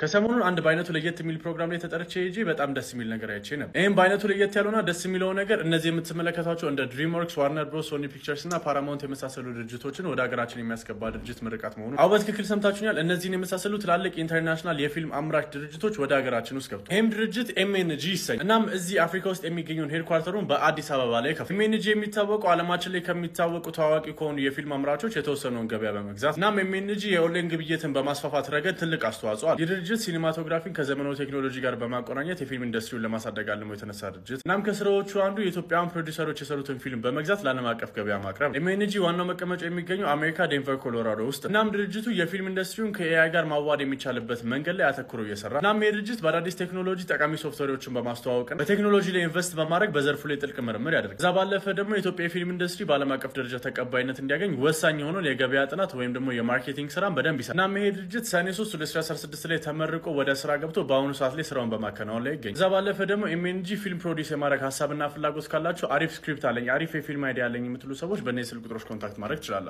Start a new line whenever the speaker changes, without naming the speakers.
ከሰሞኑን አንድ በአይነቱ ለየት የሚል ፕሮግራም ላይ ተጠርቼ ሄጄ በጣም ደስ የሚል ነገር አይቼ ነበር። ይህም በአይነቱ ለየት ያለውና ደስ የሚለው ነገር እነዚህ የምትመለከታቸው እንደ ድሪምወርክስ፣ ዋርነር ብሮስ፣ ሶኒ ፒክቸርስ እና ፓራማውንት የመሳሰሉ ድርጅቶችን ወደ ሀገራችን የሚያስገባ ድርጅት ምርቃት መሆኑ አሁ በትክክል ሰምታችሁኛል። እነዚህን የመሳሰሉ ትላልቅ ኢንተርናሽናል የፊልም አምራች ድርጅቶች ወደ ሀገራችን ውስጥ ገብቷል። ይህም ድርጅት ኤምኤንጂ ይሰኛል። እናም እዚህ አፍሪካ ውስጥ የሚገኘውን ሄድኳርተሩን በአዲስ አበባ ላይ ከፍ ኤምኤንጂ የሚታወቀው አለማችን ላይ ከሚታወቁ ታዋቂ ከሆኑ የፊልም አምራቾች የተወሰነውን ገበያ በመግዛት እናም ኤምኤንጂ የኦንላይን ግብይትን በማስፋፋት ረገድ ትልቅ አስተዋጽኦ አለ። ድርጅት ሲኒማቶግራፊን ከዘመናዊ ቴክኖሎጂ ጋር በማቆራኘት የፊልም ኢንዱስትሪውን ለማሳደግ አልሞ የተነሳ ድርጅት እናም ከስራዎቹ አንዱ የኢትዮጵያን ፕሮዲሰሮች የሰሩትን ፊልም በመግዛት ለዓለም አቀፍ ገበያ ማቅረብ። ኤምኤንጂ ዋናው መቀመጫው የሚገኘው አሜሪካ ዴንቨር ኮሎራዶ ውስጥ። እናም ድርጅቱ የፊልም ኢንዱስትሪውን ከኤአይ ጋር ማዋድ የሚቻልበት መንገድ ላይ አተኩሮ እየሰራ እናም ይህ ድርጅት በአዳዲስ ቴክኖሎጂ ጠቃሚ ሶፍትዌሮችን በማስተዋወቅ በቴክኖሎጂ ላይ ኢንቨስት በማድረግ በዘርፉ ላይ ጥልቅ ምርምር ያደርጋል። እዛ ባለፈ ደግሞ የኢትዮጵያ የፊልም ኢንዱስትሪ በዓለም አቀፍ ደረጃ ተቀባይነት እንዲያገኝ ወሳኝ የሆነውን የገበያ ጥናት ወይም ደግሞ የማርኬቲንግ ስራን በደንብ ይሰራል። እናም ይሄ ድርጅት ሰኔ 3 2016 ላይ ተመርቆ ወደ ስራ ገብቶ በአሁኑ ሰዓት ላይ ስራውን በማከናወን ላይ ይገኝ። እዛ ባለፈ ደግሞ ኤምኤንጂ ፊልም ፕሮዲስ የማድረግ ሀሳብና ፍላጎት ካላችሁ አሪፍ ስክሪፕት አለኝ፣ አሪፍ የፊልም አይዲያ አለኝ የምትሉ ሰዎች በእነዚህ ስልክ ቁጥሮች ኮንታክት ማድረግ ትችላላችሁ።